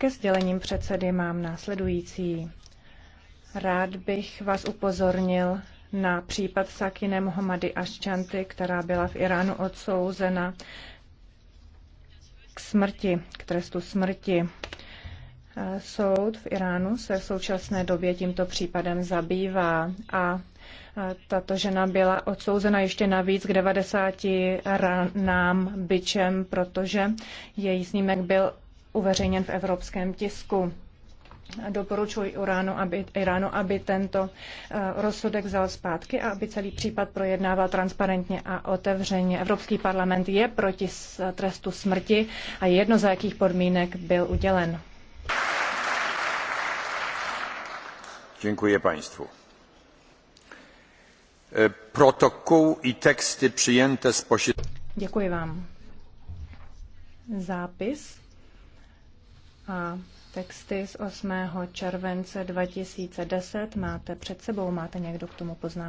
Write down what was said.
Ke sdělením předsedy mám následující. Rád bych vás upozornil na případ Sakine Mohamady Aščanty, která byla v Iránu odsouzena k smrti, k trestu smrti. Soud v Iránu se v současné době tímto případem zabývá a tato žena byla odsouzena ještě navíc k 90 ranám byčem, protože její snímek byl uveřejněn v evropském tisku. Doporučuji Iránu, aby, Iránu, aby tento eh, rozsudek vzal zpátky a aby celý případ projednával transparentně a otevřeně. Evropský parlament je proti trestu smrti a jedno za jakých podmínek byl udělen. Dziękuję Państwu. Eh, protokół i texty przyjęte z posiedzenia. Děkuji vám. Zápis a texty z 8. července 2010 máte před sebou. Máte někdo k tomu poznám?